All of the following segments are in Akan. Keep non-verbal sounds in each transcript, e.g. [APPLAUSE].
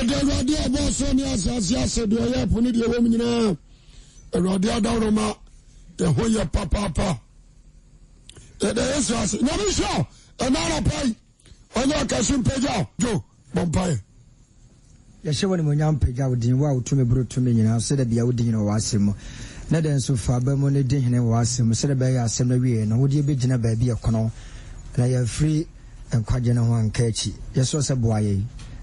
ɛdɛwurade ɔbɔ sɛ ne asase asɛ deɛ ɔyɛ po ne deɛ wɔm nyinaa awurade adaworoma ɛho yɛ papaapa ɛdɛ yɛsu ase nyame hyɛ ɛnaanapae ɔnyɛ ɔkɛse mpagya jo bɔmpae yɛhyɛ wɔ nemonyam pagya wo din wo a wotumi boro tumi nyinaa sɛ da bia wodi nyina wɔ ase mu na dɛ nso fa ba mu ne di hene wɔ ase mu sɛdɛ bɛyɛ asɛm no wie no wode bɛgyina baabi ɛkono na yɛfiri nkwagye no ho ankaakyi yɛsɛ sɛ boa yɛi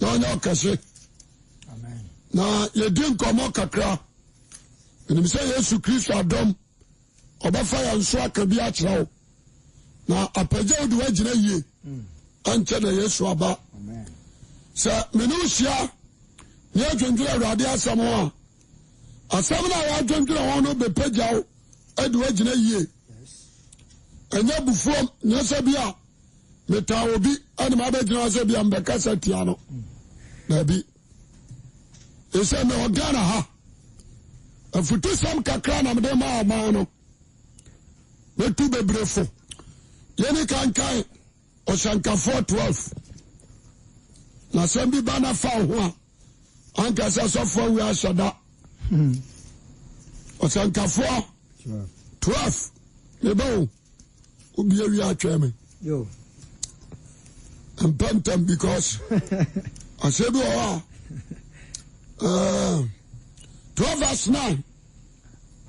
na ɔnyɛ ɔkɛse na yɛdi nkɔmmɔ kakra ɛnim sɛ yesu kristo adɔm ɔbɛfa yɛ nso aka bi akyerɛ wo na apagya wode woagyina yie hmm. ankyɛ na yesu aba sɛ mene wo hyia ne adwendwere awurade asɛm ho a asɛm no a wɔadwendwere ho no bɛpagya wo ade woagyina yie ɛnyɛ bufuom nyɛ sɛ bi a metaa obi ɛne mabɛgyina sɛ bi a mbɛkasa tia no mm daabi ɛsɛ mewɔ ghana ha afotusɛm kakra namede ma ɔman no mɛtu bebre fo yɛne kankae ɔsyankafoɔ 12 na sɛm bi ba na fa ho a anka sɛ sɔfoɔ wi ahyɛ da hmm. ɔsyankafoɔ 12 mebɛo wobia wi atwɛ me mpɛntam because [LAUGHS] ɔsɛ bi wɔ hɔ a twelve verse nine.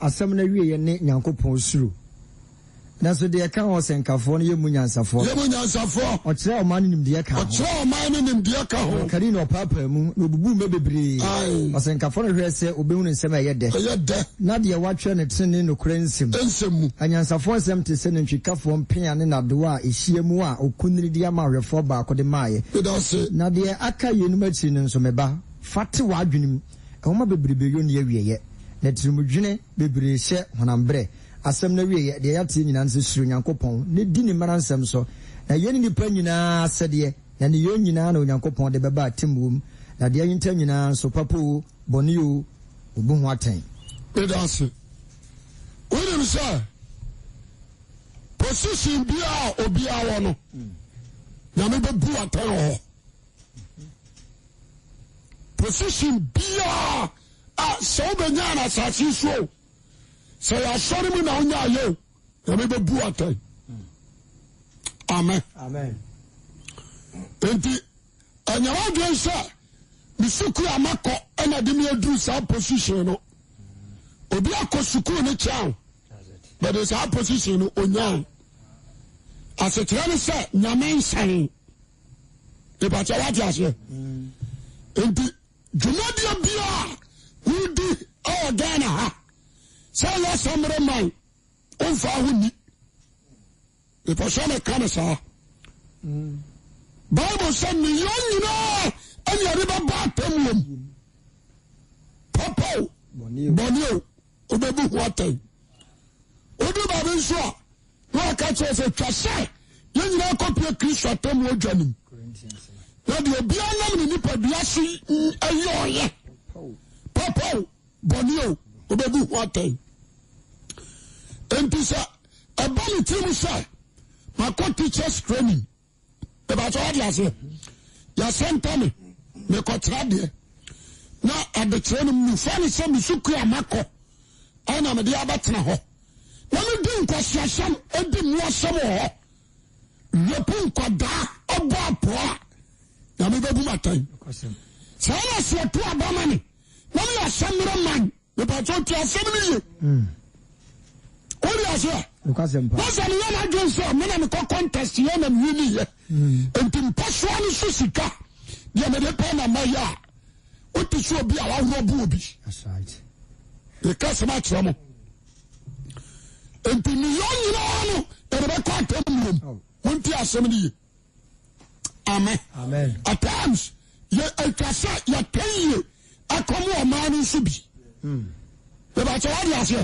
asɛm no awieɛ ne nyankopɔn suro nanso deɛ ɛka hɔ sɛnkafoɔ no yɛ mu nyansafoɔ yɛ mu nyansafoɔ ɔkyerɛ ɔman no nimdeɛ ka ɔkyerɛ ɔman no nimdeɛ ka ho kari na ɔpaapaa mu na obubu mɛ bebree ɔsɛnkafoɔ no hwɛ sɛ obɛhu no nsɛm ɛyɛ dɛ ɛyɛ dɛ na deɛ watwerɛ ne tene nokorɛ nsɛm nsɛm mu anyansafoɔ nsɛm te sɛ nantwikafoɔ mpea ne nadoɔ a ɛhyia mu a ɔkunini de ama ahwɛfoɔ baako de maayɛ na deɛ aka yɛnum akyi no nso meba fa te w'adwenem ɛwoma bebrebe yɛ ne awieɛ na tirimudwene bebree hyɛ honamberɛ asɛm no wie deɛ yɛateɛ nyinaa no sɛ suro onyankopɔn ne di ne mmara nsɛm so na yɛne nipa nyinaa sɛdeɛ na ne yɛn nyinaa na onyankopɔn de bɛba atem wɔ mu na deɛ yɛnta nyinaa nso papa o bɔne o ɔbu ho atɛn ɛda ase wonim sɛ position biaa obiaa wɔ no nyame bɛbu atɛn wɔ hɔ position a sɛ wobɛnyaa no asase so o sɛ yɛ soro mu nawonya ayɛo yame bɛbu aten ame enti anyama adon sɛ me sukuu amakɔ anade mi aduru saa position no obi akɔ sukuu no kyeo but saa position no onya ase kyerɛ no sɛ nyame nsare epata wateaseɛ mm. enti dwumadio biaa medi awɔdanaha sɛ yɛ sammerɛ man ɔmfa ho ni mepɛ sɛ meka ne saa bible sɛ neyɔ nyinaa anyɛde bɛba atamuom papao bɔne o wobɛbu ho atɛn wodu baabi nso a na ɔka kyerɛ sɛ twa sɛ yɛn nyinaa kɔpie kristo atamu odwa nim na deɛ obiara nam ne nipadua so ayɛ ɔyɛ papao bɔne o wobɛbu ho atɛn entso abane ti mu so mako teacherscraning epatoadeas yasenteme meko teradee n edetere n s skakondeyab tenaho mkosias emse ypu koda obapoa amebe bu a t see sie tu ama meya sameema eaotasemineye wọ́n yà sọ. wọ́n sọ ni yẹn náà dùn sọ mí náà mi kọ́ contest yẹn náà mi yìí yẹ. Hmm. nti mpasuwa ni sisi sika diẹ mi de pẹ́ẹ́ na mọ yá o ti sọ bi àwọn awúrọ̀ bú obi. ìka sọ ma kyerẹ mu. nti ni yọ nyina wọn no ẹni bẹ kọ́ àtẹ mu oh. wọn wọn ti asẹm ni yẹ. amen at times yẹ ẹtwasa yẹ tẹ yie akọmu ọmọ ẹni nso bi. ìbàtí wọn di aseɛ.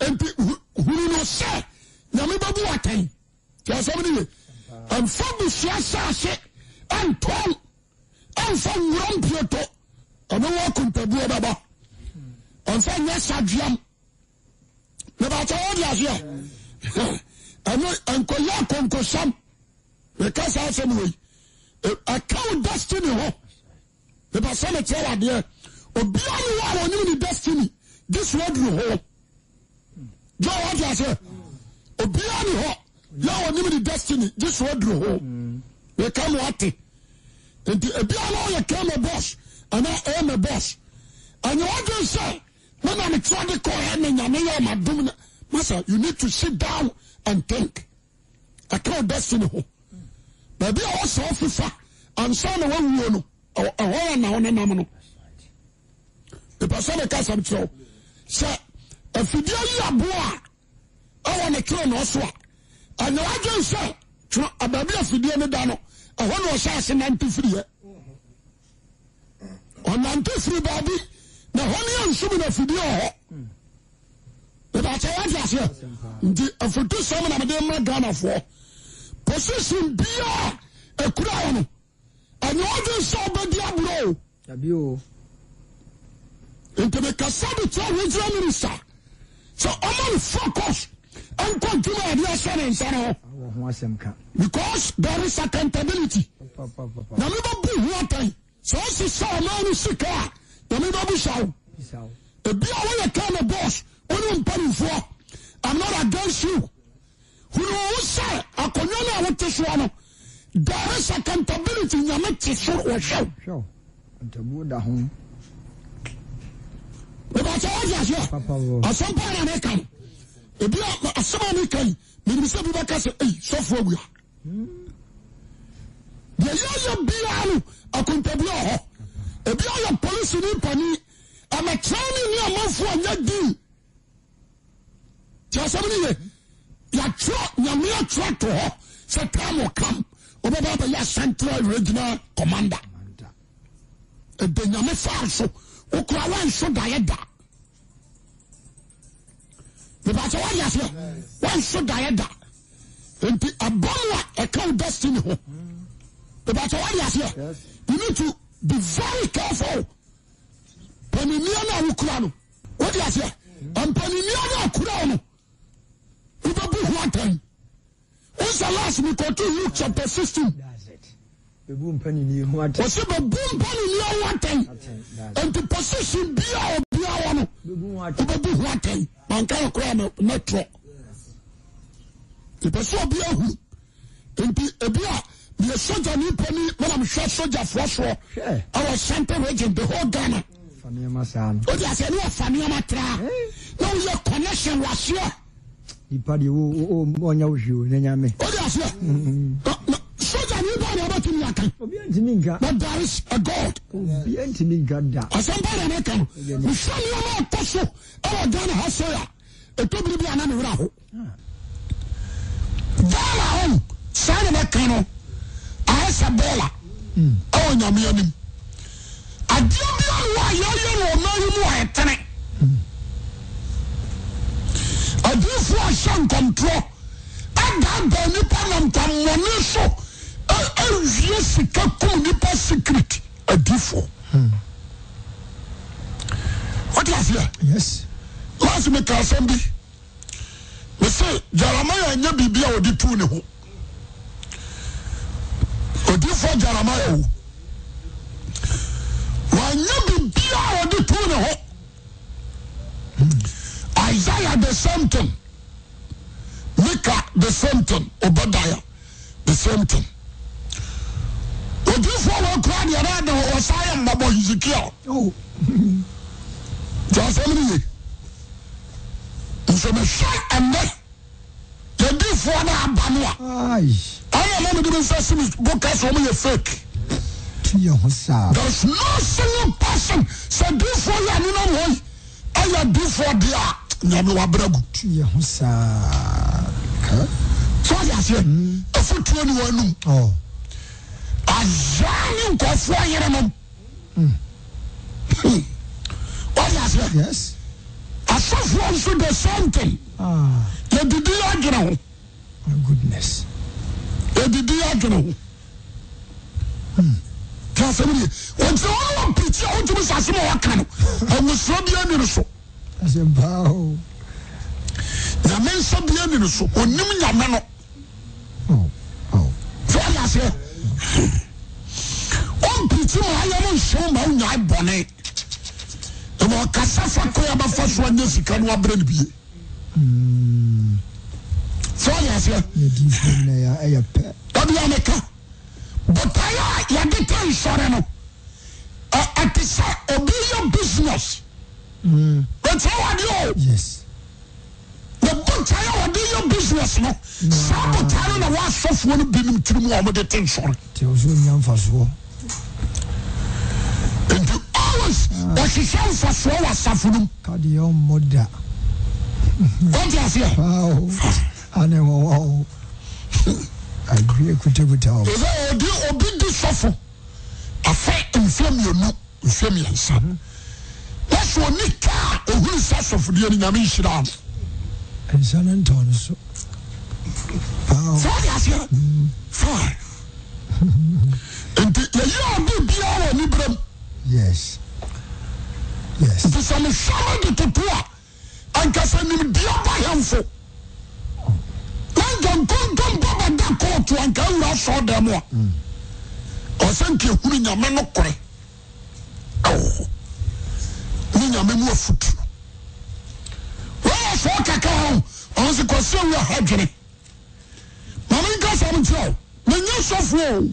nti hunu no sɛ nyame bɛbu watan nti asɛm no ye ɛmfa busua saase ɛntɔn ɛmfa nwura mpieto ɛno wɔ kontabuo bɛbɔ ɛmfa nyɛ saduam mebakyɛ wɔde aseɛ [LAUGHS] ɛno nkɔyɛ akonkosam meka saa asɛm wei ɛkawo destiny hɔ mepɛ sɛ mekyerɛ wadeɛ obiara ne wɔ a wɔnim ne destiny this world no hɔ jẹ́ wọ́n ti àṣẹ obiara ni hɔ yà wọ́n nímú ni destiny jésù ọ̀dùrọ̀ hó yẹ ká mu àti nti ebiara náà yẹ ká mu bọ́s àná ẹ̀ mu bọ́s ànyẹ wọ́n ti sẹ́ mẹ́nà mi tí wọ́n di kọ́ ẹ̀ ní nyàmé yẹ ọ̀ma dùn ní masa you need to sit down and think ẹ̀ka ọ̀ destiny hó bẹ̀ẹ̀bi a wọ́n sọ ọ́ fífa ansa na wọ́n wúwo no ẹ̀họ́ ẹ̀ na wọ́n nenam no ìpàṣẹ́ mi ká sàm kyerɛw sẹ́ afidie yi aboa a ɛwɔ ne twerɛ na ɔso a ɛnyɛ wagye nsɛ twerɛ abaabi afidie no da no ɛhɔ na ɔhyɛ ase nante firiɛ ɔnante firi baabi na hɔ ne yɛnsum na afidie wɔ hɔ ɛbɛkyɛ wate aseɛ nti afotu sɛm na mede mma ghanafoɔ position biaa ɛkura wɔ no ɛnyɛ wagye nsɛ ɔbɛdi aborɔ o nti mekasa de kyerɛ wogyira minista So ɔma no focus ɛnkɔ ntumi a ɛde ɛhyɛ ne nsa ne hɔ because there is accountability nyame bɛbu ho atɛn sɛ ɔsesa ɔmaa no sika a nyame bɛbu hyɛ wo ebi a woyɛ kaa ne boss wone mpanimfoɔ i'm not against you hunu wo sɛ akonnwa no a wote soɔ no there is accountability nyame te so wɔhwɛ wo bàtà wọ́n di aseɛ asompa na ne kan ebi asoma ne kan mìrìmísẹ́ bi bá ká sẹ ẹyì sọfọ wia deɛ yɛyɛ biara no akontabi ɔhɔ ebi ayɛ polisi ne mpani amakyerɛni ne amanfo ɔnyɛ din tí a sɛm ne yɛ yàtúrɔ nyàmú yàtúrɔ tó hɔ sɛ táàmù kam ɔbɛbɛ abɛyɛ central regional commander èdè nyàmú fáàlù so okura wanso daeɛ da mepatɛ woayɛ aseɛ wanso daeɛ da nti ɛbɔm a ɛka wo destiny ho mepatɛ woayɛ aseɛ you need to be very careful paniniɛ no a wokura no wode aseɛ mpaniniɛ no a kura wo no wobɛbu ho atɛn wosɛ last mekɔto luke chapter 16 ɔsɛ bɛbu mpanini ɔwɔ atɛn nti position bia obia wɔ no wobɛbu ho atɛn manka yɛ koraa nɛtorɔ ipɛ sɛ obia hu nti ebia meyɛ sogya ne mpa ni manamhwɛ sogyafoɔ soɔ ɛwɔ central region the whole Ghana wode asɛ ne wɔfa nneɔma traa na woyɛ connection waseɛ nipa deɛ ɔnyɛ wo hwio na nyame wode aseɛ dal sayemekeno se bala yaan adi biayelennaimtere abifo sankotr ada ba nipa naonso awie sika kum nipa security adifoɔ wote aseɛ last meka asɛm bi mese jeremia nya biribi a ɔde tu ne ho odifoɔ jeremia o biribi a tu ne ho isaiah the same thing mika the same thing obadiah the same thing df kradene d sayɛ babzik ɛmnye nsmea e dif ne aba na ymammɛoasmyɛes no single peson sɛ dif yɛanenom ɛyɛ difdeaoysɛ ɛfon wn an nkf yernɛ af no e snt didiy aero didiy aon pii otmi ssm wka esra bianns amensɛ bi ann soonm a noɛ kitiyɛno hyɛo ma onyabɔne kasa fa kɔbafa so nya sika no wnbe ɛeɛnka boɛ yadetensre no te sɛ ɔɛ bsnesɛ ess f no bn trdnsr nti always ɔhyehyɛ mfasoɔ wɔ asafo no mu. kadeɛ ɔmmɔ da. wọ́n aseɛ. awo ane wɔn wɔn agbe ekutakuta wɔn. ɛfɛ obi obi di sɔfo afɛ nfe mmienu nfe mmiɛnsa wɔsɔ oni kaa ohun sɛ sɔfodeɛ ni nyame nhyira ano. nsa ne ntɔn so. fɔwọ́n aseɛ. fɔwọ́n. nti eyi ode bia wa ne beram nti sɛ mesɛmo de totoa ankasa nimbia bɔ hem fo nanka nknoma bde kot anka wa aso damoa mm. ɔsɛnke huru nyame no korɛ ɛwo ne yame mo afotu wayɛ so kaka ɔnsekosɛwehadwere mamenka sam kyerɛo manya sofo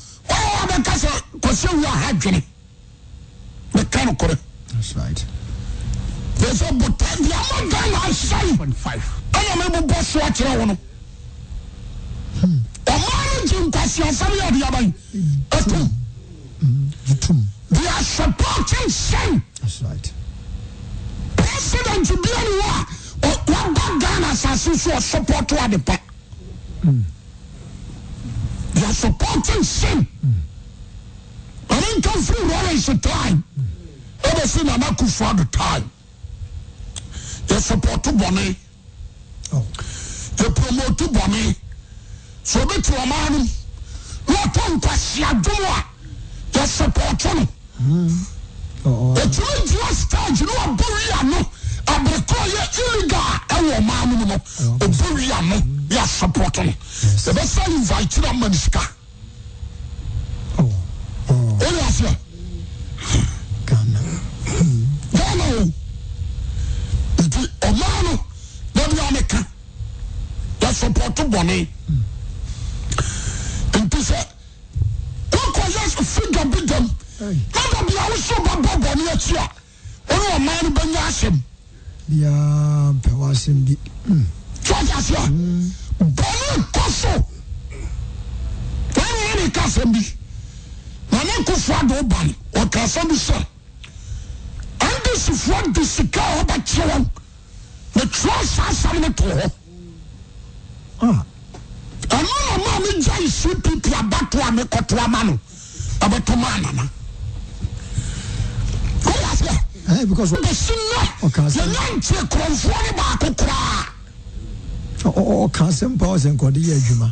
ɔwɔ bɛka sɛ kɔsɛ wu aha dwene meka no korɛ yɛ sɛ bia mɔda na asɛe ɛna mebobɔ so akyerɛ wo no ɔma no gye nkwaseasɛm yɛ ɔde aban atom they are supporting sin president bia ne wɔ a waba ghana asase so ɔsupɔto ade pa suppotsim anenkafri wrorese tim ɛbɛsɛnana kofado ti yɛsupot bɔne yɛ promot bɔne sɛ obɛtiɔma nom natonkwasiadoa yɛsupoto no ɔturodi o stage no wabo wia no abreko yɛ illigal wɔ ma no mobowia oh. mo yɛsupot no ɛ bɛsɛ iva cira ma nesikaenewaseaa oh, oh. dannao nti ɔma no na bianeka yɛsuppoto bɔne nti sɛ oko yɛ figa bidam nada biawosɛobɛbɔ bɔne atu a ɔne ɔ ma no bɛnya ase m bia mpɛ woasem di sɛdeaseɛ bɔne kɔ so ɔnea ne ka asɛm bi na ne nkofoɔ do wo o no ɔka asɛm bi sɛ andesifoɔ de sika a ɔbɛkyerɛ wɔn metwerɛ saa asɛm no to hɔ não na ma megyae cpp abato a mekɔtoa ma no ɛbɛto ma anana woyɛ aseɛ bɛsi nnɛ yɛnya nkyerɛ kurɔmfoɔ ne baako koraa ɔka ah. eh. ah, sɛ pasenkɔdeyɛ aduaɔu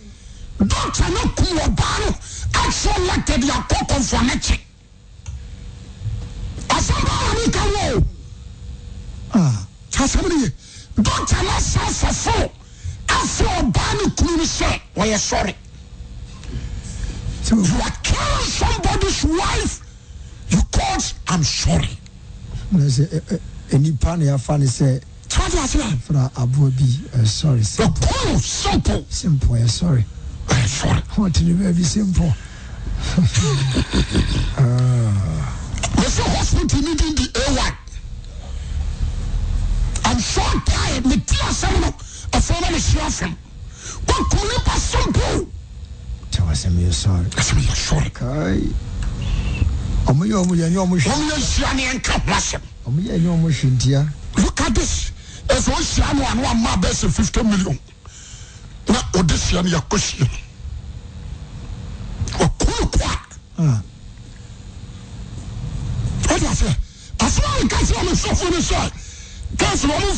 dcta no kum ɔbaa no aksonwatadiakɔkɔmfɔ nekyɛ ka nsɛsaso asɔba no kumimo sɛ ɔyɛ srear somebody's wife yo a im sorry nipaneafan sɛ ababsmpysrr wɔtene baabi sɛ mpɔ mɛsɛ hospital no din de ay I'm so tired mete asɛm no ɛfɛ na mehyia fam woakom nipa sompo kyɛ wasɛm yɛ sɔre asɛm yɛ sɔre kae ɔmoyɛ ɔmoyɛ nyɛ ɔmo hwɛ ɔmoyɛ nhyia ne ɛnka ho asɛm ɔmoyɛ nyɛ ɔmo look at this ɛsɛ ɔhyia no ano ama bɛsɛ 50 million odesianakosie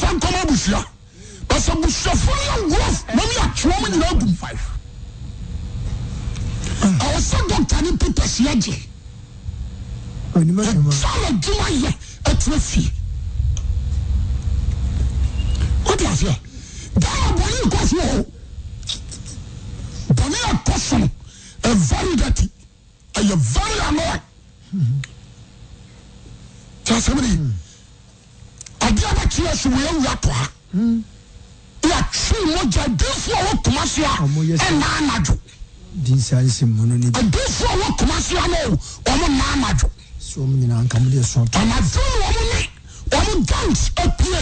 aka nmsnmsasfno matomeyena du ivewsa dctn pesa tan dumaye atase o abns bone a kosor evari geti aye vari lano tasebide abia be tin se weawuatua ya te moja adusu wo kuma suana e majuadisu wo kuma sua n omo namajuamaju omune omu gant aue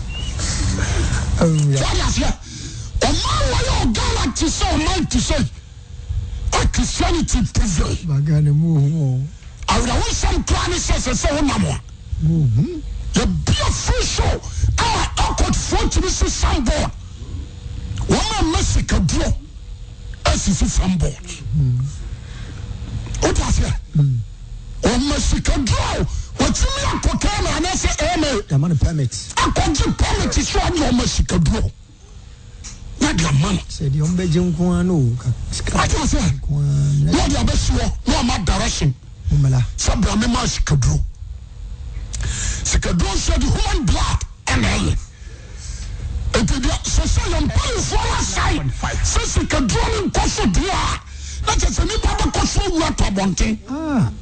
dfi omaway ogala t se omatse akesanitpve awda wusem kransesese wonama yebi fs a acot fotni si sambod wama masicadro asisi sambod mm. obfi omasikadro timi yaoe pmet odma iadaad boiadun kda eesnek b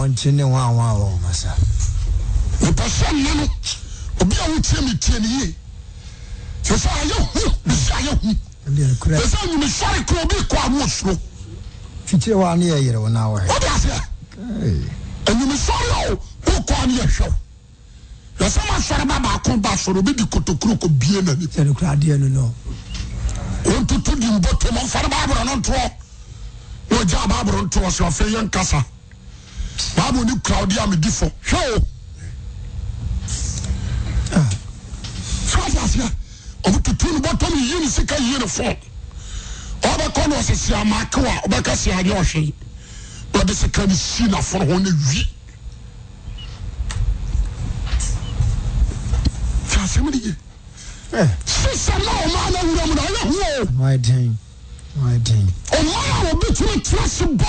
pɔnkye ne wɔn a wɔn a wɔn masa. nipa sɛ nne no obi a wotie me tie ne yie sɛ sɛ ayɛ hu bisɛ ayɛ hu sɛ sɛ nwumesɔre kora obi kɔ amu soro fikyire hɔ a ne yɛ yerew na wɔhɛ wode aseɛ anwumesɔre a wokɔ ne yɛhwɛw yɛsɛ masɔre ba baako ba sɔre obi di kotokuro kɔ bie nani sɛne kora adeɛ no no ɔntoto di mbɔtom ɔmfare baaborɔ no ntoɔ na ɔgya baaborɔ ntoɔ sɛ ɔfɛ yɛ nkasa bible ni crowd yà mi di fọ hwẹ different? Show. àfíà ọmọ tuntun ní bọ́tọ́ mi yí ni sika yí ni ọba kọ́ ni ọ̀sẹ̀ sí ọba ká sí àdé ọ̀hwẹ́ yìí ọdẹ sika ni sí eh. na fọ ọ̀hún ni wí. fí asẹ́mi nìyẹn sísan náà ọmọ alẹ́ wúlò mu náà ọ̀yẹ́ hu o. ọmọ ẹ̀ dín ọmọ ẹ̀ dín. ọmọ àwọn òbí tí wọ́n ti ẹ̀ sí bo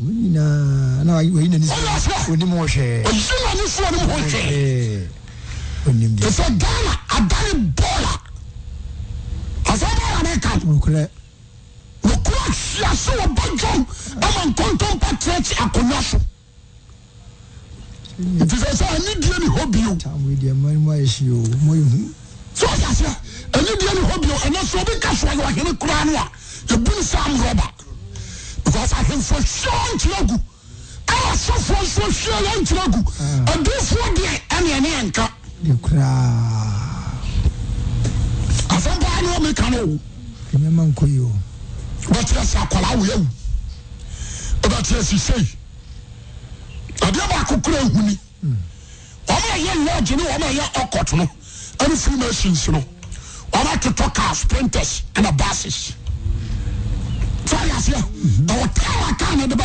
sdana adar bola sdadka nokra sia soobajon ama contomatree akonasnt ndn h nnnbese sa hmf nkyirag asfm kyira g df deɛ neneɛnkaf b nka butsɛ akara btasisei deɛba kokora huni oma yɛ lodge ne mayɛ cot no anfrimasens no matetocasprintes aa bases oys wtaane debe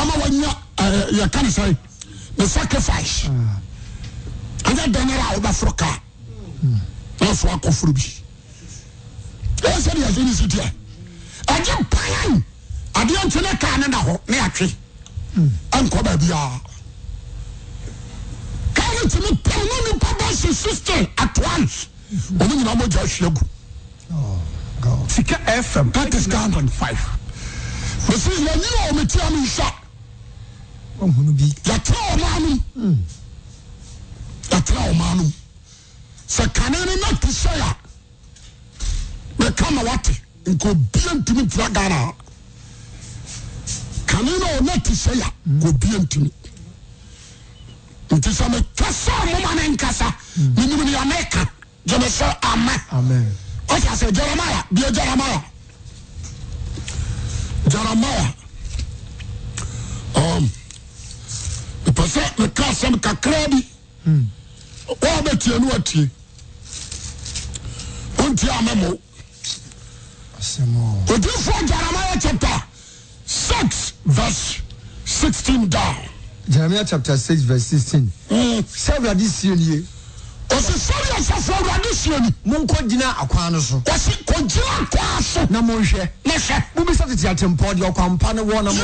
ama waya kase e sacrifice e enoro forb a kkdbb teme an n sesse atone ne yina seag 5 beswayiro metia nosa yatraoman yatrao mano se kanene nati sea mekamawa te inke obia ntimi tra kana kanenenati sea kobia ntim inti so me te so moma ne nkasa memuro neyaneka temeso ama ɔka sɛ jeremaya le jeremaya jeremaya mepɛ sɛ meka asɛm kakra bi woabɛtie ne watie wontie ama mo odifoɔ jeremaya chapter 6 verse 16 down Jeremiah chapter 6 verse 16 sɛ awurade sie nie ɔse sɛreɛ sɛ so ɔrade suono mo nkɔgyina akwa no so gina ka so na mohwɛ w mubisa teteatempɔ deɛ ɔkampano wɔnm n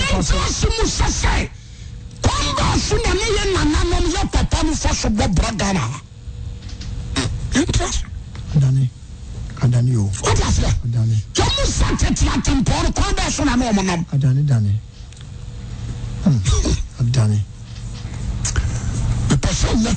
na mɛ nanmyɛ pa no fa so raemp n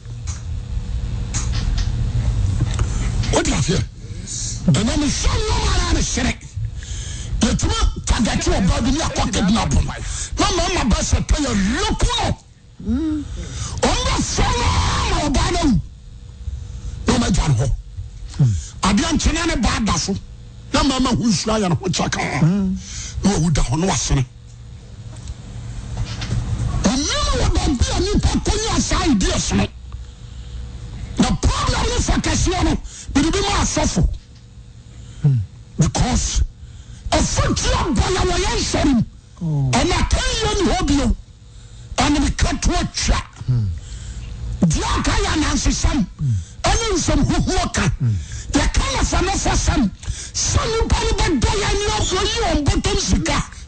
fiɛesɛe ere ytui abadmabɛd a n nmaare h bea kyene ne ba da so nmamahsadaneaia na ysadsono n probe noa kesno biribi ma asɔfo because afonti abɔya wɔ yɛn nsɛm oh. ɛna kɛyɛ ni hɔ bio ɛna bi kato atwa hmm. deɛ aka yɛ anansesɛm ɛne nsɛm huhuo ka hmm. yɛka nafa nafa sɛm sɛ nipa no bɛdɔ yɛn ni ɔfɔ yi wɔn bɔtɔm sika.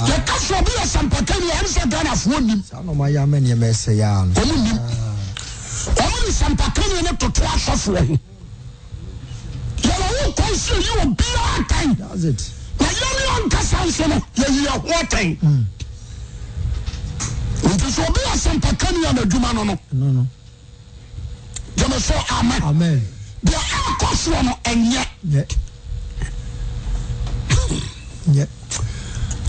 yɛka so ɔbi yɛsampa kanu ɛmsɛanafoɔ ninɔnensmpa kanɛ ne ooa sa soɔh yɛwo osi yi wɔa na yɛneɔnka sa nso no yɛyɛho tn mm. nti sɛ ɔbɛ yɛ sampa akanu anadwuma no no teneso ama deɛ akɔ soɔ no ɛnyɛɛ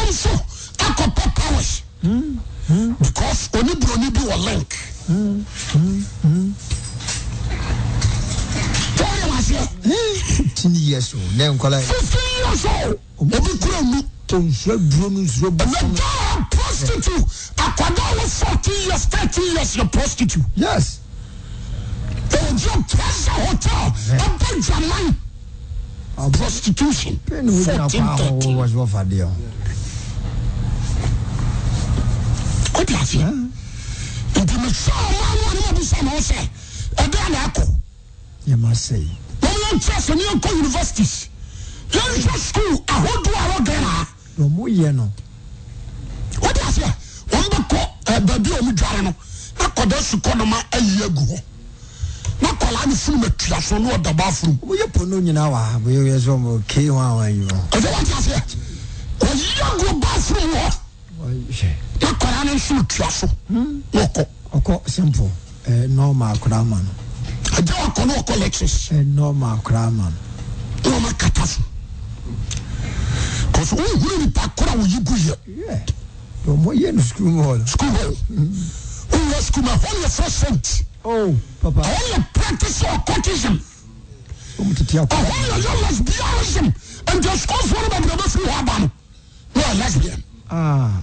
asomfo akɔpɛ powers because oni buroni bi wɔ link wɔyɛ waseɛ fifteen years o ne nkɔla yi fifteen years o obi kura mu tonsuo duro ni nsuo bu funu ɛnɛ prostitute eu wɔ fourteen years thirteen years yɛ prostitute yes ɔjɔ pressure hotel ɛbɛ jaman prostitution fourteen thirteen. ɔdi aseɛ nti mi sɛ ɔmo awo ni mo bi sɛ mo sɛ ɛdi ana akɔ. yɛ ma sɛ yi. wɔn yɛn kyerɛ sɛ ni yɛn kɔ universities yɛn hwɛ school ahodoɔ a wɔgɛ na. na ɔmo yɛ no. ɔdi aseɛ wɔn bɛ kɔ ɛ a ɔmo dware no na kɔda sukɔ ayi egu hɔ na kɔla ni funu bɛ tuya so na ɔda ba funu. ɔmo pono nyinaa wa ha bɛ yɛ sɔ mo kee hɔn awa yi o. ɔdi aseɛ ɔyi egu ba funu wɔ. na akwadaa no nso tua so na hmm? ɔkɔ. Eh, ɔkɔ simple ɛɛ nɔɔma akwadaa ma no. agye wakɔ na ɔkɔ lexus. ɛɛ nɔɔma akwadaa ma no. na ɔma kata so kɔsɔ oh, wɔn ehuru nipa kora wɔyi gu yɛ. ɔmɔ yɛ no sukuu hɔ. sukuu hɔ wɔn yɛ sukuu ma wɔn yɛ first saint. oh papa. wɔn yɛ practice occultism. wɔn tete akɔ. wɔn yɛ yɛ lesbianism nti ɔsukuu fún mi bɛ bɛrɛ bɛ fi hɔ aba no wɔn yɛ lesbian. Ah.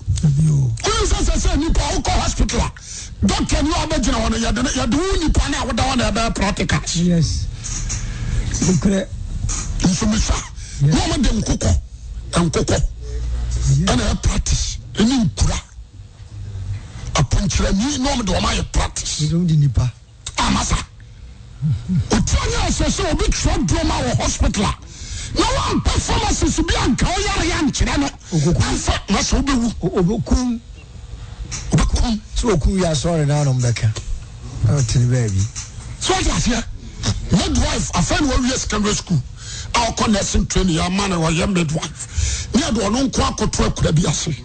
sɛsɛ sɛ nnipa wokɔ hospitala dukenbɛgyina hone yɛdeoo nipa ne awodanebɛ practica nsomsa neme de nkoko nkokonea practice ne nkura aponkyerɛ nnm de omayɛ practice amasa otianesɛ sɛ obe ta duoma wo hospital na wampɛ pharmacist bi anka woyare yɛ ankyerɛ no amfa na sɛ wobɛwu obɛkum obɛkum sɛ ɔkum wi asɔre na nom bɛka ɔtene baabi sɛ wode aseɛ midwife afei ne wawie secondary school a ɔkɔ nursing training ama ne wɔyɛ midwife ne ɛde ɔno nko akɔto akura bi ase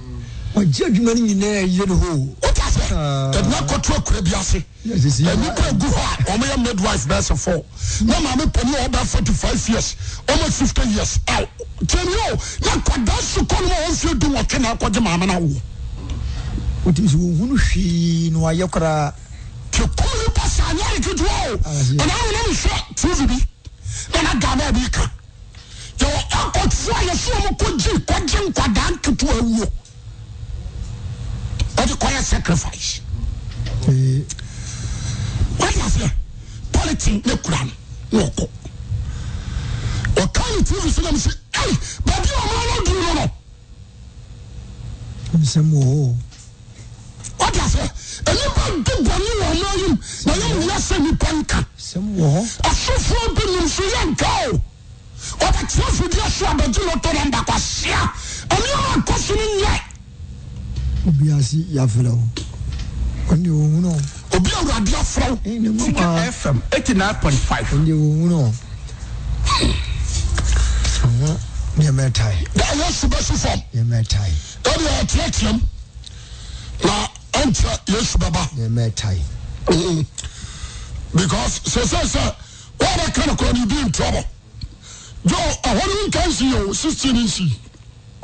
wagye adwuma no nyinaa yie no hoo ɛdina kɔto akura bi ase nipa egu hɔ a wɔn yɛ midwife bɛsɛ fɔ na maame panyin a ɔbɛ forty five years ɔmɛ fifty years aw tiɛni o na kɔda sukɔ no ma wɔn fi dun wɔtwe na akɔgye maame na awo. o ti sɛ ohun hwii na wayɛ koraa. kekun yi pa sa anyari ketewa o ah, ɛna awo na nhwɛ tv bi na gaana bi ka yɛ wɔ akɔtua yɛ fi wɔn kɔ gye kɔgye nkwadaa ketewa wuo wọ́n ti sacrifice. wọ́n ti àfẹ́ pọ́lìtì ní kura ní ọkọ̀ ọ̀ka yìí tí wọ́n fi náà ṣe ẹ́yì bàbí ọmọ ọlọ́dún lọ́nà. nsẹ́mu wò ó. wọ́n ti àfẹ́ èyí bá dùgbò ní wọ́n náà yìí na yóò wù yá sẹ́ni pọ́ńkà. nsẹ́mu wò ó. asúfúnbí ni nsúyẹ́ nǹkan o ọ̀bẹ̀ tí wọ́n fi di ẹ̀ṣọ́ s ysb ka ntsns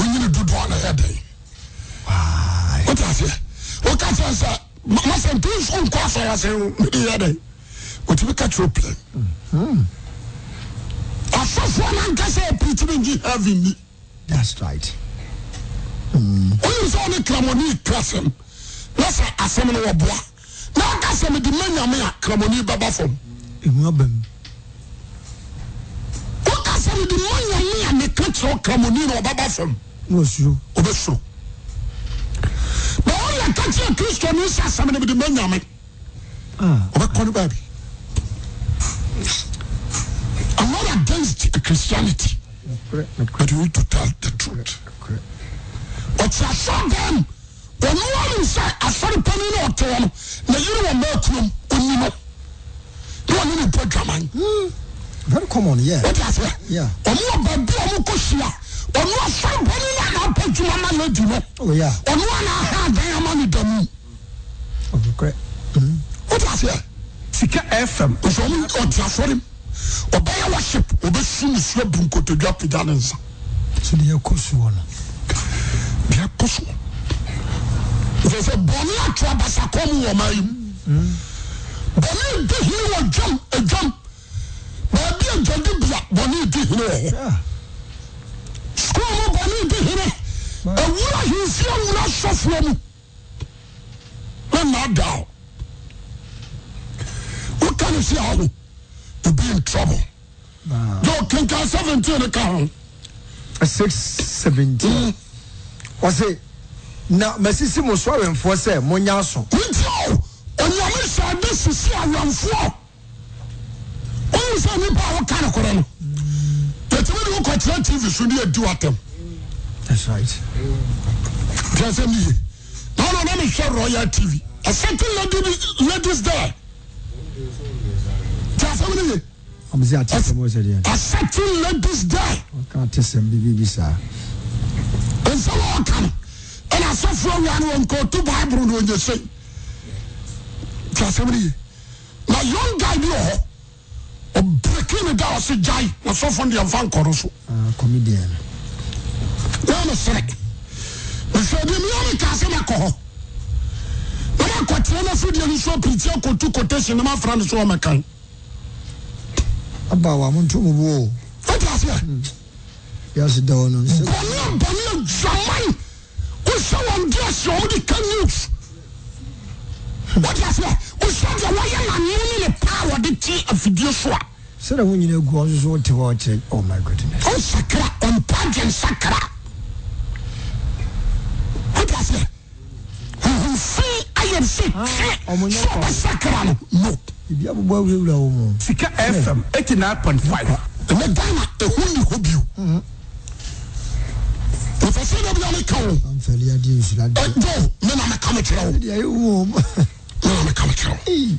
oyene du duanydenstsnetmikao asufu na nkese pritimi nyi harvinni oyem s wene cramone to asem es emadm ya a kram baba fom sɛ na fam na ɔyɛ ka kyerɛ kristo sɛ asɛm no mede ɔbɛkɔ no baabi I'm not against Christianity, but you need to tell the truth. But I saw them. wɔn wɔn nsa asɔre panin na ɔtɔ wɔn na yiri wɔn mɛ kunum onimo na wɔn ne nipa dwaman. very common yeah. wọ́n ti àṣẹ. ọmọ ọba bí ọmọ kò sí a ọmọ ọfọ ìbọnú náà náà pẹ jùlọ máa lọ jùlọ oh, ọmọ náà ha àdáyà máa ní dàmú. wọ́n ti àṣẹ. sika fm. ọ̀sán ọ̀dì àsọ́rí ọba yẹ worship ọba sún ní sùn ẹ̀bùn kòtòjú apẹja ní nsà. sọ de yẹ kó sùn wọn. bí yẹ kó sùn. fẹsẹ bọ̀ọ̀nù àti abasakọ́ mu wọ̀ máa yìí. Mm-hmm. bọ̀ọ̀nù ìdí wọ̀ jọ́m ẹ̀jọ́m baabi agyadi bia bɔne di hene wɔ hɔ sukuu mu bɔne di hene awura hinsi awura sɔfoɔ mu na naa da o woka ne si aho obi in trouble yɛ ɔkenkan seventeen ka ho. six seventeen ɔsi hmm. na masisi mo sɔrɔ nfoɔ sɛ mo nya so. nti o onyame sɛ sisi awɛnfoɔ wonim sɛ nipa a woka no korɛ no ɛtumi de wokɔkyerɛ tv so ne adi watam tiasɛm ne ye na wona na mehwɛ royal tv a certain ladies there tiasɛm ne ye a certain ladies there nsa wɔ ɔka no ɛna asɔfoɔ wia no wɔnkɔ ɔto bible no ɔnyɛ sɛi tiasɛm ne ye na young guy bi wɔ hɔ yɛtwi ne da ɔse gyae wɔsɔfo ah, deɛ mfa nkɔro so na me sere mehwɛ deɛ meyɛ me kaa sɛ makɔ hɔ na makɔteɛ no so deɛ no so apirikyi akɔtu kotation na mafra no so ɔmɛkan aba wa mo nto mu bo o wata aseɛ hmm. yasi da hɔ no bɔne abɔne adwaman wohyɛ wɔn de ahyɛ ɔmo de ka news wata aseɛ wohyɛ deɛ wɔyɛ naneɛ ne ne paa wɔde te afidie so a sɛdɛ wo nyina gu ɔnso so wote hɔ kyerɛ oh my goodness ɔnsakra ɔmpa dwensakra wodaseɛ ɔhomfi ayɛ mfe ah, sɛ ɔbɛsakra no no biribi abobɔ awurawura wɔ mu sika fm 89.5 ɛnɛ ghana ɛho ni hɔ bio mfɛsɛ mhm. dɛ bia meka wo ɛdo mena meka me kyerɛ wo mena meka me kyerɛ wo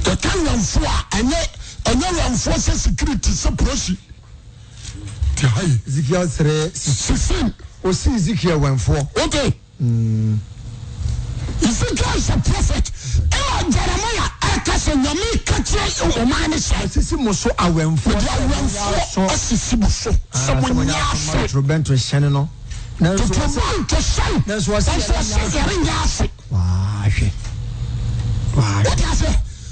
yɛka nnwamfoɔ a ɛnyɛ ɛnyɛ nnwamfoɔ sɛ security sɛ prophète. ti ha yi. zikia sere sixteen. osi zikia wɛnfoɔ. ok. Mm. zikia is a prophet ɛwɔ jeremiah tu es un prophète muso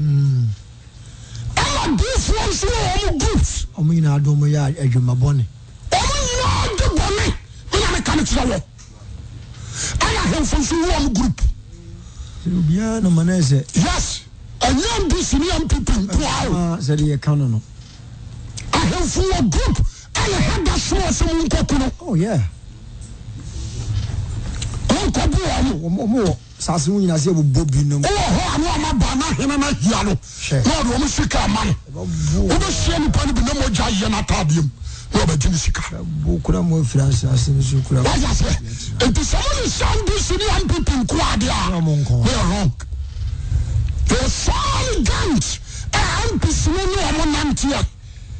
ɛna difoɔ nso wɔ wɔn groups. wɔn nyinaa dɔn mo yɛ adwuma bɔne. wɔn nyinaa de bɔne ɛna meka ne kyerɛ wɔ ɛna ahemfo nso wɔ wɔn group. obiara na ma ɛsɛ. yes ɛnyɛ ndc ni npp nkoa o. sɛde yɛ kan no ahemfo wɔ group ɛna hada so wɔ sɛ mo nkɔ kono. ɔnkɔ bi wɔ mo. wɔn wɔ. sase mu nyina sɛ ɛbobɔ bi nom wowɔ hɔ ane ɔma ba na hene no ahia no na ɔde ɔmo sika ama no wobɛhyia nnipa no bi na mɔgya yɛ no ataadeɛ mu na ɔbɛgye no sika wogya sɛ enti sɛ mo ne sam bi so ne ampepi nko ade a meyɛ wrong yɛwɔ saa elegant a ampesi no ne ɔmo nanteɛ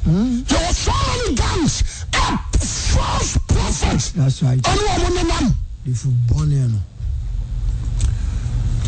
hmm? yɛwɔ saa elegant a false prophet ɔne ɔmo nenam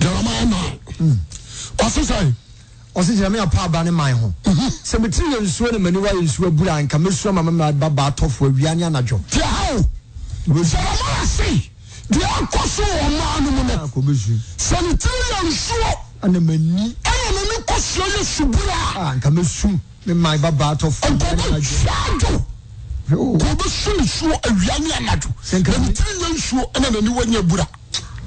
jeremiah nine ɔsi sɛ. ɔsi gyina mi apa aba ne man ho mhm. sɛ mi ti yɛ nsuo ne mani wa yɛ nsuo abura nka mi nsuo ma mi ma ba ba atɔfo awia ne anadwo. tia o jeremiah se deɛ akɔ so wɔ maa no mu nɛ sɛ mi ti yɛ nsuo. ɛna mi ni. ɛna mi ni kɔ so yɛ subura. a nka mi sun mi ma ba ba atɔfo awia ne anadwo. ɛna mi ti yɛ nsuo awia ne anadwo. sɛ nkira mi ti yɛ nsuo ɛna mi ni wa nyɛ bura.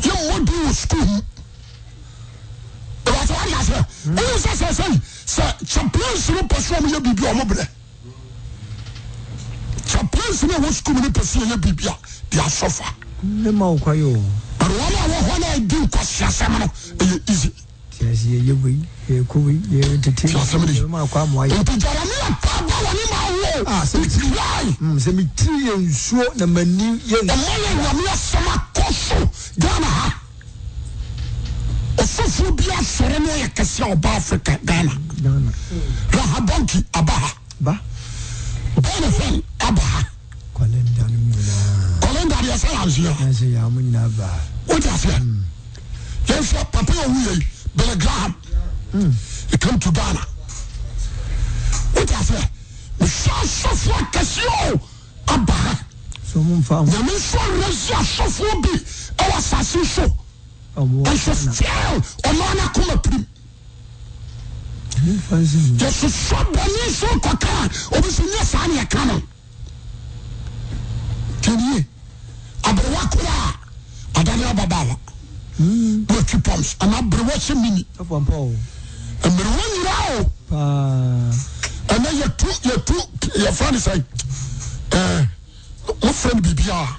ed o sco aa e senmeiri yesn a semakoso ɔsɔfo bi asɔre no yɛ kɛse a ɔba africa ghana rahabɔnki aba ha bɔnifɛn aba ha kɔlenda deɛ sɛ yanseɛ wode aseɛ mm. yɛnhwɛ papa a wuyei billy graham ɛkam mm. to ghana wode aseɛ mehwɛ asɔfo akɛseɛ o aba ha nyame nso resi asɔfoɔ bi ɛwɔ asase so anse tel ɔnana akoma pirim yosesɛ bone so kokaa obiseni sa neyɛkano tedie abrewa kuwaa adane wababala meati poms ana berewo se mini merewo yirao ɛna yyt yofrade se mofren birbiaa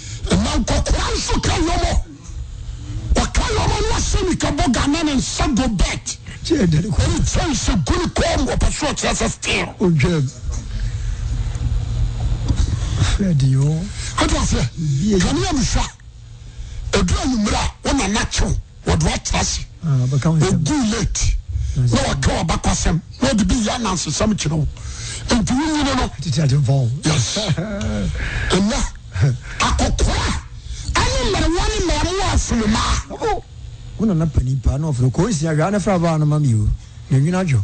nnra no kay ka ymɔ n wsɛmi kabganane nsa gobetnsɛ gune komposokyɛ sɛ tkanemuswa ɛduanummra wona nakye wode wokaseogu latene wɔkawobakɔsɛm n ɔde bi yi nanse sɛm kyerɛwo nti woyin no akɔkora ɛne mmerewa ne mmeremo a afolomaa wo nana pani paa na ɔfrɛ kɔnsi awaa ne fra baa no ma mio nanwene adwo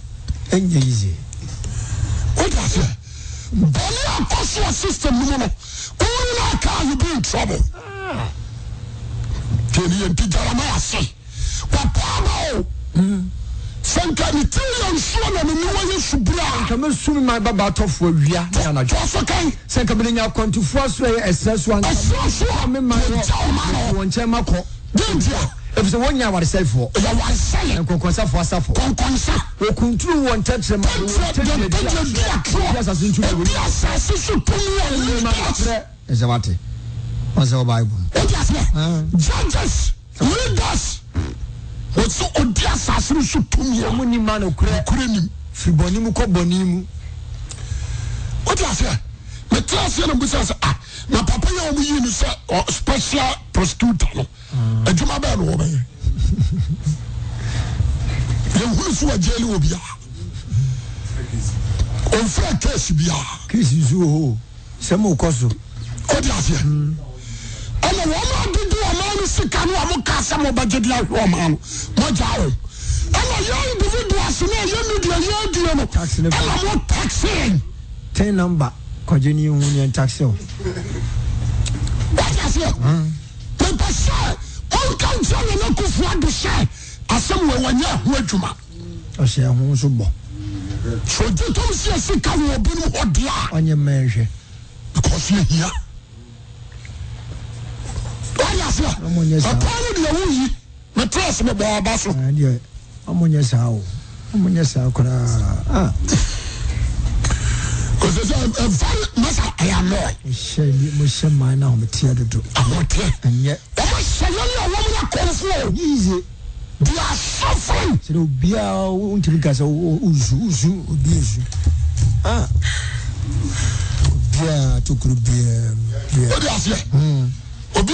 ɛnyɛ yisie wode aseɛ bɔne akɔ so wɔ system no mu no wowo no aka you be in trouble ah. tiɛniyɛnti gyarama ase wapaa ma o hmm. sɛ nka ne tiri yɛ nsuo na nemu wɔyɛ subura. nka mi sun maa baba atɔfo awia ne anadwo. tɔso kan. sɛ nka mi de nya akɔntufoɔ aso yɛ ɛsrɛ so anka. ɛsrɛ so mi ma yɔ wɔn ma kɔ. den tia. efisɛ wɔn nyɛ awaresɛfoɔ. ɛyɛ awaresɛyɛ. nkɔnkɔnsafo asafo. kɔnkɔnsa. okunturu wɔn tɛtɛrɛ ma. tɛtɛrɛ tɛtɛrɛ bi atɔ. ebi asase ntu bɛ wuli. ebi asase so pun yɛ leaders. ɛsɛ wate. wɔn sɛ wɔ baayi bɔ. ebi asɛ. judges leaders wọ́n sọ odi asase ni so tumi a. ọmọ ni ma no kure kure ni fi bọni mu kọ bọni mu. o ti ase mɛ tí a se na busa ase a ah, na papa yẹn ọmọ yìí ni sẹ ọ special prostitute no mm. adwuma bẹ́ẹ̀ ni wọ́n bẹ yẹ yẹn hu so wà jẹ́ẹ́lì wọ bia ònfẹ́ kẹ́ẹ̀sì bia. kẹ́ẹ̀sì su o sẹ́mu kọ́ so. o ti ase mm. ɛna wɔn a sika no a mo ka sɛ mo bɛgye di ahwɛ ɔma no mo gya wɔn ɛna yɛ individuals no a yɛ media yɛ adie no ɛna mo taxi. ten number kɔgye ni ihu ni ntaxi o. wáyé aseɛ hmm. pèpè sɛ ɔnka nkyɛn yɛn na kofu ado sɛ asɛm wɔ wɔn nyɛ ɛho adwuma. ɔsɛ ɛho nso bɔ. sojitɔm si esi ka wɔ obinom hɔ dia. ɔnyɛ mɛnhwɛ. because yɛ hia. ssmse ah. mamet dodo ti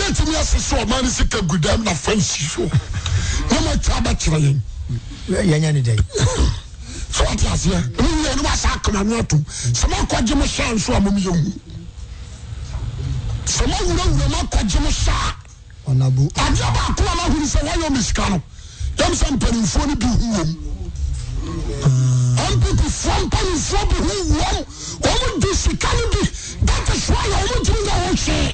yɛ tumi asosɔ ɔman ne sika gu dɛm na fɛnsi so na ma kya bɛkyerɛ yɛn. yɛn yɛn ni dɛ. so ɔte aseɛ ne yɛ ne wasa akama ne ato sɛ ma gye mo hyɛ nso a mo yɛ hu sɛ wura wura ma kɔ gye mo hyɛ a. ɔnabo. adeɛ baako a ma huri sɛ wɔyɛ omi sika no yɛm sɛ mpanimfoɔ no bi hu wɔm. npp foɔ mpanimfoɔ bi hu wɔm wɔn di sika no bi that is why wɔn gyina wɔn hyɛn.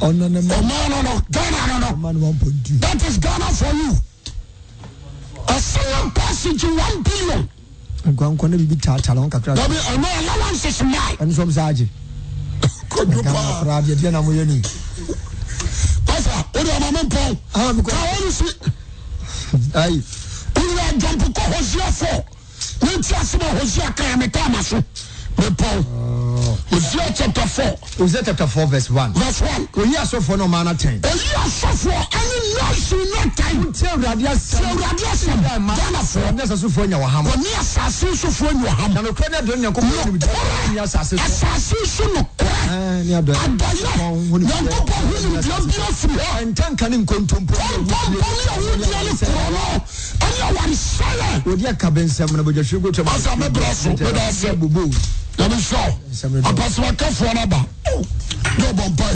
ọ̀nà ni mo. ọmọ ọ̀nà no ghana no no. ọmọ ni wọn pọ̀ ju. that is ghana for you. A single ọ̀sẹ̀yìn pọ́sìjì one billion. nkwankwan ne bibi kyaakyaa wọn kakra. dabi ọmọ allowances nine. ẹni sọm sáájì. kojú pa ghana kura bíi ẹdí ẹ na mo yẹ ni. pàṣẹ o de ọmọ mi pọ. káwọn ní sí. ayi. wúlò àjọpọ̀ kọ́ hosea fọ. ní tí a sọ ma hosea kàn mí tá a ma so. mi pọ. Hosea chapter four. Hosea chapter four verse one. verse one. Oyi asofo na ọma anatan. Oyi asofo ẹni nọọsi n'ọtan. Wọ́n ti awurade asam. Ti awurade asam. Ghana fo. Wọ́n asasofo nya wọ̀ ham. Wọ́n asase nsofo nya wọ̀ ham. Na n'okura ní adoro ní ẹnkọ́ fún mi. N'okura asase so. Asase so n'okura. Ní adoro. Adaya. Yankun bọ̀ hu firi. Ẹntanka ni nkontompo. Nkontompo ni ọ̀hún diẹ ni kúrọ̀ náà. Ẹni Òdi ẹ̀ka bẹ́ẹ̀ nsẹ́mu náà bọ̀jọ̀ ṣe é gbé tó. Ọ̀sán mi bẹ̀rẹ̀ so. Mi apɔsowakafoɔ no aba ne ɔbɔ mpa